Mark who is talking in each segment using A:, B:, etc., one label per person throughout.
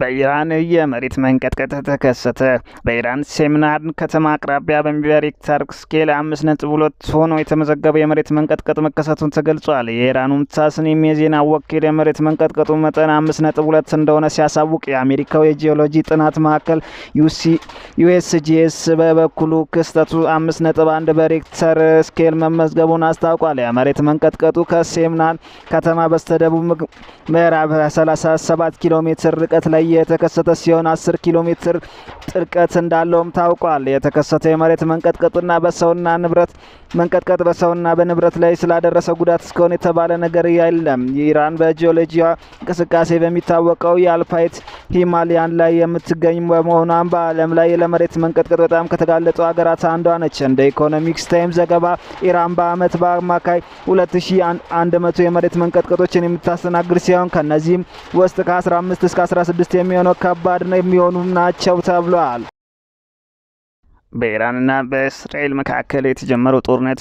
A: በኢራን የመሬት መንቀጥቀጥ ተከሰተ። በኢራን ሴምናን ከተማ አቅራቢያ በሪክተር ስኬል አምስት ነጥብ ሁለት ሆኖ የተመዘገበው የመሬት መንቀጥቀጥ መከሰቱን ተገልጿል። የኢራኑም ታስኒም የዜና ወኪል የመሬት መንቀጥቀጡ መጠን አምስት ነጥብ ሁለት እንደሆነ ሲያሳውቅ፣ የአሜሪካው የጂኦሎጂ ጥናት ማዕከል ዩኤስጂኤስ በበኩሉ ክስተቱ አምስት ነጥብ አንድ በሪክተር ስኬል መመዝገቡን አስታውቋል። የመሬት መንቀጥቀጡ ከሴምናን ከተማ በስተደቡብ ምዕራብ 37 ኪሎ ሜትር ርቀት ላይ ላይ የተከሰተ ሲሆን 10 ኪሎ ሜትር ጥልቀት እንዳለውም ታውቋል። የተከሰተው የመሬት መንቀጥቀጥና በሰውና ንብረት መንቀጥቀጥ በሰውና በንብረት ላይ ስላደረሰ ጉዳት እስካሁን የተባለ ነገር የለም። ኢራን በጂኦሎጂዋ እንቅስቃሴ በሚታወቀው የአልፓይት ሂማሊያን ላይ የምትገኝ በመሆኗም በዓለም ላይ ለመሬት መንቀጥቀጥ በጣም ከተጋለጡ ሀገራት አንዷ ነች። እንደ ኢኮኖሚክስ ታይም ዘገባ ኢራን በአመት በአማካይ 2100 የመሬት መንቀጥቀጦችን የምታስተናግድ ሲሆን ከነዚህም ውስጥ ከ15 እስከ 16 የሚሆነው ከባድ የሚሆኑ ናቸው ተብሏል።
B: በኢራንና በእስራኤል መካከል የተጀመረው ጦርነት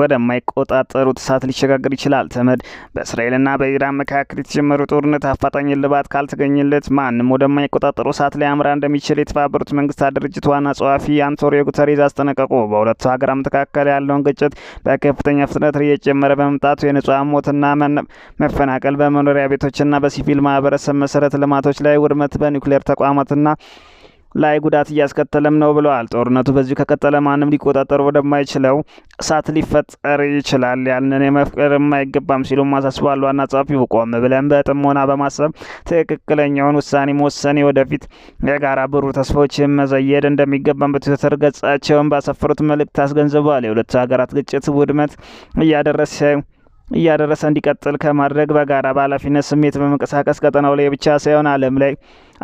B: ወደማይቆጣጠሩት እሳት ሊሸጋገር ይችላል። ተመድ በእስራኤልና በኢራን መካከል የተጀመረው ጦርነት አፋጣኝ እልባት ካልተገኘለት ማንም ወደማይቆጣጠሩ እሳት ሊያምራ እንደሚችል የተባበሩት መንግስታት ድርጅት ዋና ጸሐፊ አንቶኒዮ ጉተሬዝ አስጠነቀቁ። በሁለቱ ሀገራት መካከል ያለውን ግጭት በከፍተኛ ፍጥነት እየጨመረ በመምጣቱ የንጹሐን ሞትና መፈናቀል በመኖሪያ ቤቶችና በሲቪል ማህበረሰብ መሰረተ ልማቶች ላይ ውድመት በኒውክሌር ተቋማትና ላይ ጉዳት እያስከተለም ነው ብለዋል። ጦርነቱ በዚሁ ከቀጠለ ማንም ሊቆጣጠር ወደማይችለው እሳት ሊፈጠር ይችላል። ያንን የመፍቀር የማይገባም ሲሉ አሳስበዋል። ዋና ጸሐፊው ቆም ብለን በጥሞና በማሰብ ትክክለኛውን ውሳኔ መወሰን ወደፊት የጋራ ብሩህ ተስፋዎችን መዘየድ እንደሚገባም በትዊተር ገጻቸውን ባሰፈሩት መልእክት አስገንዝበዋል። የሁለቱ ሀገራት ግጭት ውድመት እያደረሰ እያደረሰ እንዲቀጥል ከማድረግ በጋራ በኃላፊነት ስሜት በመንቀሳቀስ ቀጠናው ላይ ብቻ ሳይሆን ዓለም ላይ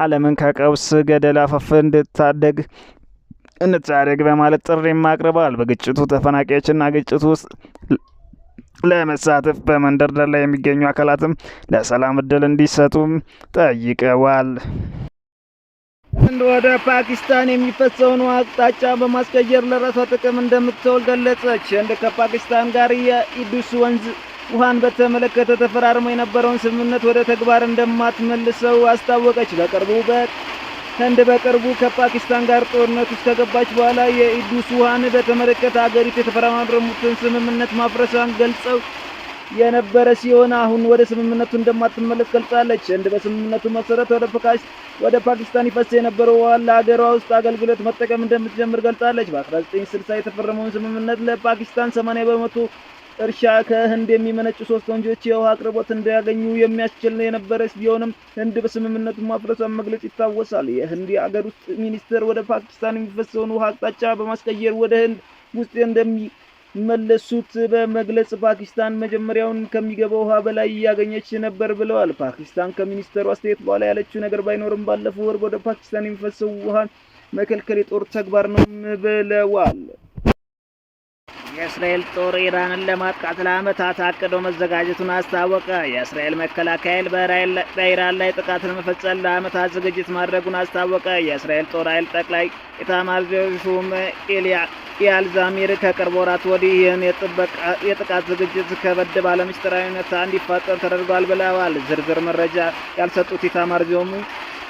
B: ዓለምን ከቀውስ ገደል አፈፍ እንድታደግ እንታደግ በማለት ጥሪም አቅርበዋል። በግጭቱ ተፈናቃዮችና ግጭቱ ውስጥ ለመሳተፍ በመንደርደር ላይ የሚገኙ አካላትም ለሰላም እድል እንዲሰጡም ጠይቀዋል።
C: ህንድ ወደ ፓኪስታን የሚፈሰውን አቅጣጫ በማስቀየር ለራሷ ጥቅም እንደምትተውል ገለጸች። ህንድ ከፓኪስታን ጋር የኢዱስ ወንዝ ውሃን በተመለከተ ተፈራርሞ የነበረውን ስምምነት ወደ ተግባር እንደማትመልሰው አስታወቀች። በቅርቡ ህንድ በቅርቡ ከፓኪስታን ጋር ጦርነት ውስጥ ከገባች በኋላ የኢዱስ ውሃን በተመለከተ አገሪቱ የተፈራረሙትን ስምምነት ማፍረሷን ገልጸው የነበረ ሲሆን አሁን ወደ ስምምነቱ እንደማትመለስ ገልጻለች። ህንድ በስምምነቱ መሰረት ወደ ፓኪስታን ይፈስ የነበረው ውሃ ለሀገሯ ውስጥ አገልግሎት መጠቀም እንደምትጀምር ገልጻለች። በ1960 የተፈረመውን ስምምነት ለፓኪስታን 80 በመቶ እርሻ ከህንድ የሚመነጩ ሶስት ወንዞች የውሃ አቅርቦት እንዳያገኙ የሚያስችል የነበረች ቢሆንም ህንድ በስምምነቱ ማፍረሷን መግለጽ ይታወሳል። የህንድ የአገር ውስጥ ሚኒስቴር ወደ ፓኪስታን የሚፈሰውን ውሃ አቅጣጫ በማስቀየር ወደ ህንድ ውስጥ እንደሚመለሱት በመግለጽ ፓኪስታን መጀመሪያውን ከሚገባው ውሃ በላይ እያገኘች ነበር ብለዋል። ፓኪስታን ከሚኒስቴሩ አስተያየት በኋላ ያለችው ነገር ባይኖርም ባለፈው ወር ወደ ፓኪስታን የሚፈሰው ውሃ መከልከል የጦር ተግባር ነው ብለዋል።
D: የእስራኤል ጦር ኢራንን ለማጥቃት ለዓመታት አቅዶ መዘጋጀቱን አስታወቀ። የእስራኤል መከላከያ ኃይል በኢራን ላይ ጥቃት ለመፈጸም ለዓመታት ዝግጅት ማድረጉን አስታወቀ። የእስራኤል ጦር ኃይል ጠቅላይ ኢታማዦር ሹም ኢያል ዛሚር ከቅርብ ወራት ወዲህ ይህን የጥቃት ዝግጅት ከበድ ባለ ምስጢራዊነት እንዲፋጠር ተደርጓል ብለዋል። ዝርዝር መረጃ ያልሰጡት ኢታማዦር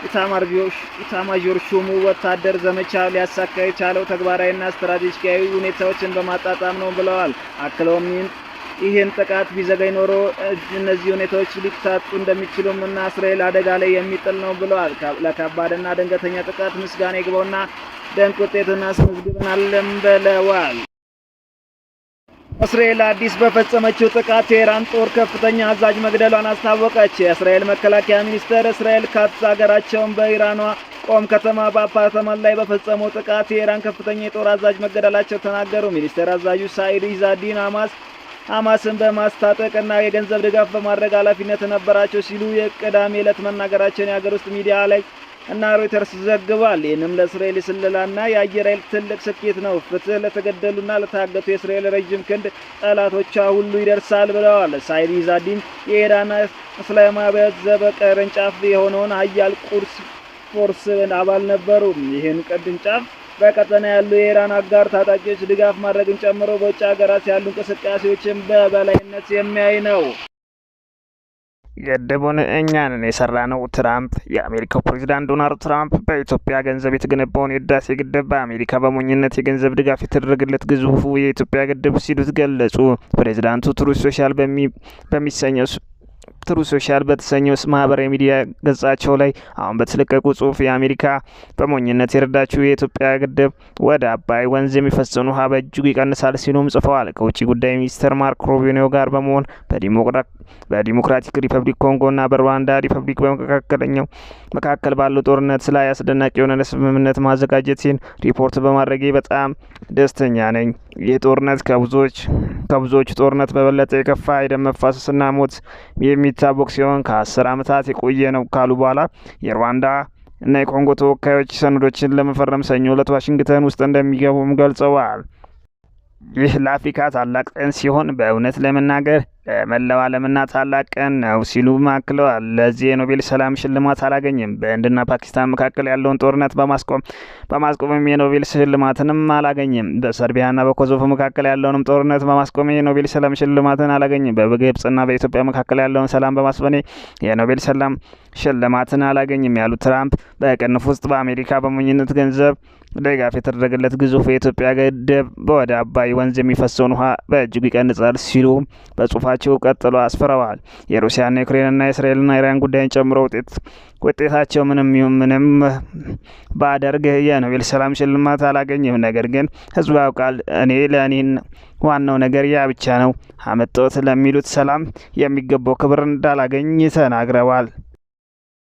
D: ኢታማዦር ሹሙ ወታደር ዘመቻ ሊያሳካ የቻለው ተግባራዊና ስትራቴጂካዊ ሁኔታዎችን በማጣጣም ነው ብለዋል። አክለውም ይህን ጥቃት ቢዘገይ ኖሮ እነዚህ ሁኔታዎች ሊታጡ እንደሚችሉም እና እስራኤል አደጋ ላይ የሚጥል ነው ብለዋል። ለከባድና ድንገተኛ ጥቃት ምስጋና ይግባውና ደንቅ ውጤት አስመዝግበናል ብለዋል።
E: እስራኤል አዲስ በፈጸመችው ጥቃት የኢራን ጦር ከፍተኛ አዛዥ መግደሏን አስታወቀች። የእስራኤል መከላከያ ሚኒስቴር እስራኤል ካትስ ሀገራቸውን በኢራኗ ቆም ከተማ በአፓርተማን ላይ በፈጸመው ጥቃት የኢራን ከፍተኛ የጦር አዛዥ መገደላቸው ተናገሩ። ሚኒስቴር አዛዡ ሳይድ ኢዛዲን አማስ ሐማስን በማስታጠቅና የገንዘብ ድጋፍ በማድረግ ኃላፊነት ነበራቸው ሲሉ የቅዳሜ ዕለት መናገራቸውን የሀገር ውስጥ ሚዲያ ላይ እና ሮይተርስ ዘግቧል። ይህንም ለእስራኤል የስለላና የአየር ኃይል ትልቅ ስኬት ነው። ፍትህ ለተገደሉና ለታገቱ የእስራኤል ረዥም ክንድ ጠላቶቿ ሁሉ ይደርሳል ብለዋል። ሳይድ ይዛዲን የኢራን እስላማዊያት ዘብ የሆነውን ሀያል ቁርስ ፎርስ አባል ነበሩ። ይህን ቅርንጫፍ በቀጠና ያሉ የኢራን አጋር ታጣቂዎች ድጋፍ ማድረግን ጨምሮ በውጭ ሀገራት ያሉ እንቅስቃሴዎችን በበላይነት የሚያይ ነው።
F: ገደቡን እኛንን ነው ትራምፕ የአሜሪካው ፕሬዚዳንት ዶናልድ ትራምፕ በኢትዮጵያ ገንዘብ የተገነባውን የህዳሴ ግድብ በአሜሪካ በሞኝነት የገንዘብ ድጋፍ የተደረገለት ግዙፉ የኢትዮጵያ ግድብ ሲሉት ገለጹ። ፕሬዚዳንቱ ትሩ ሶሻል በሚሰኘው ትሩ ሶሻል በተሰኘው ማህበራዊ ሚዲያ ገጻቸው ላይ አሁን በተለቀቁ ጽሁፍ የአሜሪካ በሞኝነት የረዳችው የኢትዮጵያ ግድብ ወደ አባይ ወንዝ የሚፈጸኑ ውሃ በእጅጉ ይቀንሳል ሲሉም ጽፈዋል። ከውጭ ጉዳይ ሚኒስትር ማርክ ሮቢኒዮ ጋር በመሆን በዲሞክራ በዲሞክራቲክ ሪፐብሊክ ኮንጎና በሩዋንዳ ሪፐብሊክ በመካከለኛው መካከል ባለው ጦርነት ላይ አስደናቂ የሆነ ስምምነት ሲን ሪፖርት በማድረጌ በጣም ደስተኛ ነኝ። ይህ ጦርነት ከብዙዎች ከብዙዎቹ ጦርነት በበለጠ የከፋ የደም መፋሰስና ሞት የሚታወቅ ሲሆን ከአስር ዓመታት የቆየ ነው ካሉ በኋላ የሩዋንዳ እና የኮንጎ ተወካዮች ሰነዶችን ለመፈረም ሰኞ ዕለት ዋሽንግተን ውስጥ እንደሚገቡም ገልጸዋል።
G: ይህ ለአፍሪካ ታላቅ ቀን ሲሆን በእውነት ለመናገር ለመላው ዓለምና ታላቅ ቀን ነው ሲሉ አክለዋል። ለዚህ የኖቤል ሰላም ሽልማት አላገኝም። በህንድና ፓኪስታን መካከል ያለውን ጦርነት በማስቆም በማስቆምም የኖቤል ሽልማትንም አላገኝም። በሰርቢያና በኮሶቮ መካከል ያለውንም ጦርነት በማስቆም የኖቤል ሰላም ሽልማትን አላገኝም። በግብጽና በኢትዮጵያ መካከል ያለውን ሰላም በማስፈኔ የኖቤል ሰላም ሽልማትን አላገኝም ያሉት ትራምፕ በቅንፍ ውስጥ በአሜሪካ በሞኝነት ገንዘብ ድጋፍ የተደረገለት ግዙፍ የኢትዮጵያ ገደብ በወደ አባይ ወንዝ የሚፈሰውን ውሃ በእጅጉ ይቀንጻል ሲሉ በጽሁፋቸው ቀጥሎ አስፈረዋል። የሩሲያና ዩክሬንና የእስራኤልና ኢራን ጉዳይን ጨምሮ ውጤት ውጤታቸው ምንም ምንም ባደርግ የኖቤል ሰላም ሽልማት አላገኝም። ነገር ግን ህዝቡ ያውቃል። እኔ ለእኔን ዋናው ነገር ያ ብቻ ነው። አመጠት ለሚሉት ሰላም የሚገባው ክብር እንዳላገኝ ተናግረዋል።